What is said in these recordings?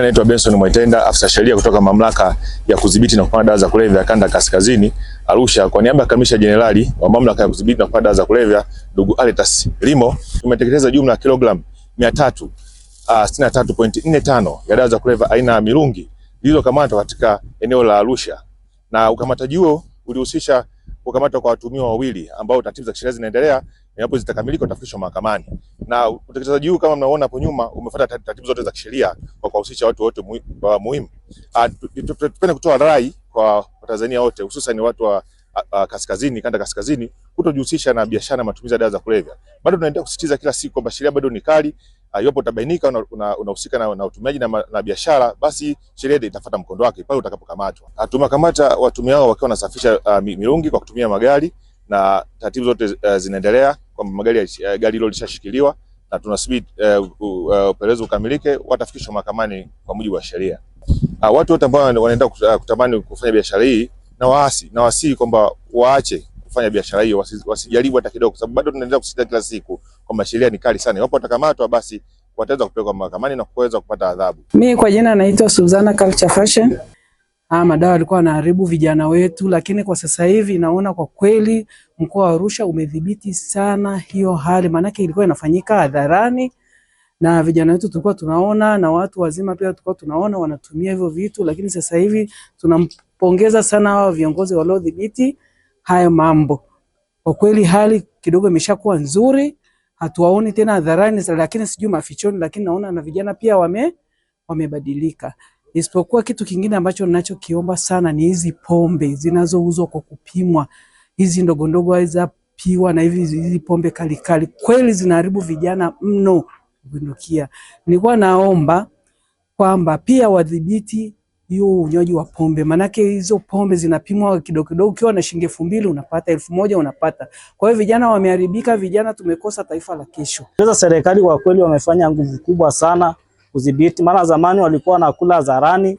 Naitwa Benson Mwaitenda, afisa sheria kutoka Mamlaka ya Kudhibiti na Kupambana Dawa za Kulevya Kanda Kaskazini Arusha. Kwa niaba ya Kamisha Jenerali wa Mamlaka ya Kudhibiti na Kupambana Dawa za Kulevya ndugu Aletas Limo, tumetekeleza jumla ya kilogramu 363.45 ah, ya dawa za kulevya aina ya mirungi zilizokamatwa katika eneo la Arusha, na ukamataji huo ulihusisha kukamatwa kwa watuhumiwa wawili ambao taratibu za kisheria zinaendelea Endapo zitakamilika utafikishwa mahakamani. Na utekelezaji huu kama mnaona hapo nyuma umefuata taratibu zote za kisheria kwa kuhusisha watu wote muhimu. Ah, tupende kutoa rai kwa Watanzania wote hususan watu wa a, a, kaskazini, kanda kaskazini, kutojihusisha na biashara na matumizi ya dawa za kulevya. Bado tunaendelea kusisitiza kila siku kwamba sheria bado ni kali. Ah, iwapo utabainika unahusika una, una na na utumiaji na, na biashara, basi sheria itafuata mkondo wake pale utakapokamatwa. Ah, Tumekamatwa watumiao wakiwa wanasafisha mirungi kwa kutumia magari na taratibu zote uh, zinaendelea kwamba magari uh, gari hilo lishashikiliwa na tunasubiri eh, upelelezi uh, uh, ukamilike, watafikishwa mahakamani kwa mujibu wa sheria. Uh, watu wote ambao wanaenda ah, kutamani kufanya biashara hii na waasi na wasi kwamba waache kufanya biashara hiyo, wasijaribu hata kidogo, kwa sababu bado tunaendelea kusisitiza kila siku kwamba sheria ni kali sana. Iwapo watakamatwa, basi wataweza kupelekwa mahakamani na kuweza kupata adhabu. Mimi kwa jina naitwa Suzana Culture Fashion haya ah, madawa yalikuwa yanaharibu vijana wetu, lakini kwa sasa hivi naona kwa kweli mkoa wa Arusha umedhibiti sana hiyo hali, maanake ilikuwa inafanyika hadharani na vijana wetu tulikuwa tunaona na watu wazima pia tulikuwa tunaona wanatumia hivyo vitu, lakini sasa hivi tunampongeza sana hao viongozi waliodhibiti hayo mambo. Kwa kweli hali kidogo imeshakuwa nzuri, hatuwaoni tena hadharani, lakini sijui mafichoni, lakini naona na vijana pia wame wamebadilika. Isipokuwa kitu kingine ambacho ninachokiomba sana ni hizi pombe zinazouzwa kwa kupimwa, hizi ndogondogo aweza piwa na hivi hizi pombe kalikali kweli zinaharibu vijana mno kupindukia. Nilikuwa naomba kwamba pia wadhibiti hiyo unywaji wa pombe, manake hizo pombe zinapimwa kidogo kidogo, ukiwa na shilingi elfu mbili unapata elfu moja unapata. Kwa hiyo vijana wameharibika, vijana tumekosa taifa la kesho. Serikali kwa kweli wamefanya nguvu kubwa sana kudhibiti, maana zamani walikuwa nakula zarani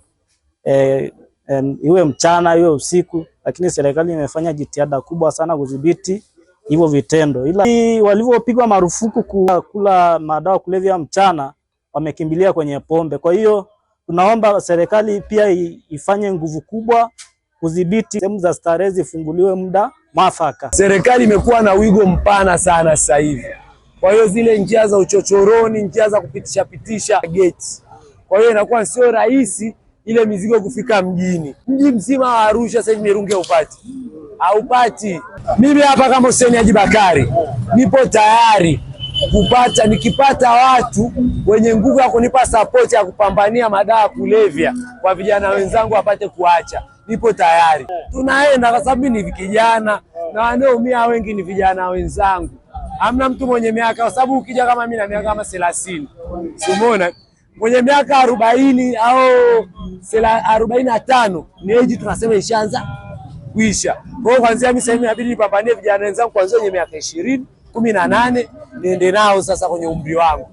e, eh, e, iwe mchana iwe usiku, lakini serikali imefanya jitihada kubwa sana kudhibiti hivyo vitendo, ila walivyopigwa marufuku kula madawa kulevya mchana wamekimbilia kwenye pombe. Kwa hiyo tunaomba serikali pia ifanye nguvu kubwa kudhibiti, sehemu za starehe zifunguliwe muda mwafaka. Serikali imekuwa na wigo mpana sana sasa hivi kwa hiyo zile njia za uchochoroni, njia za kupitisha pitisha geti, kwa hiyo inakuwa sio rahisi ile mizigo kufika mjini. Mji mzima wa Arusha sasa hivi mirungi haupati, haupati. Mimi hapa kama Hussein Haji Bakari nipo tayari kupata, nikipata watu wenye nguvu ya kunipa sapoti ya kupambania madawa kulevya kwa vijana wenzangu wapate kuacha, nipo tayari. Tunaenda kwa sababu ni vijana na wanaoumia wengi ni vijana wenzangu hamna mtu mwenye miaka, kwa sababu ukija kama mimi na miaka kama thelathini, si umeona mwenye miaka arobaini au arobaini na tano ni age tunasema ishaanza kuisha. Kwa hiyo kwanza mimi sasa inabidi nipambanie vijana wenzangu kuanzia wenye miaka ishirini kumi na nane niende nao sasa kwenye umri wangu.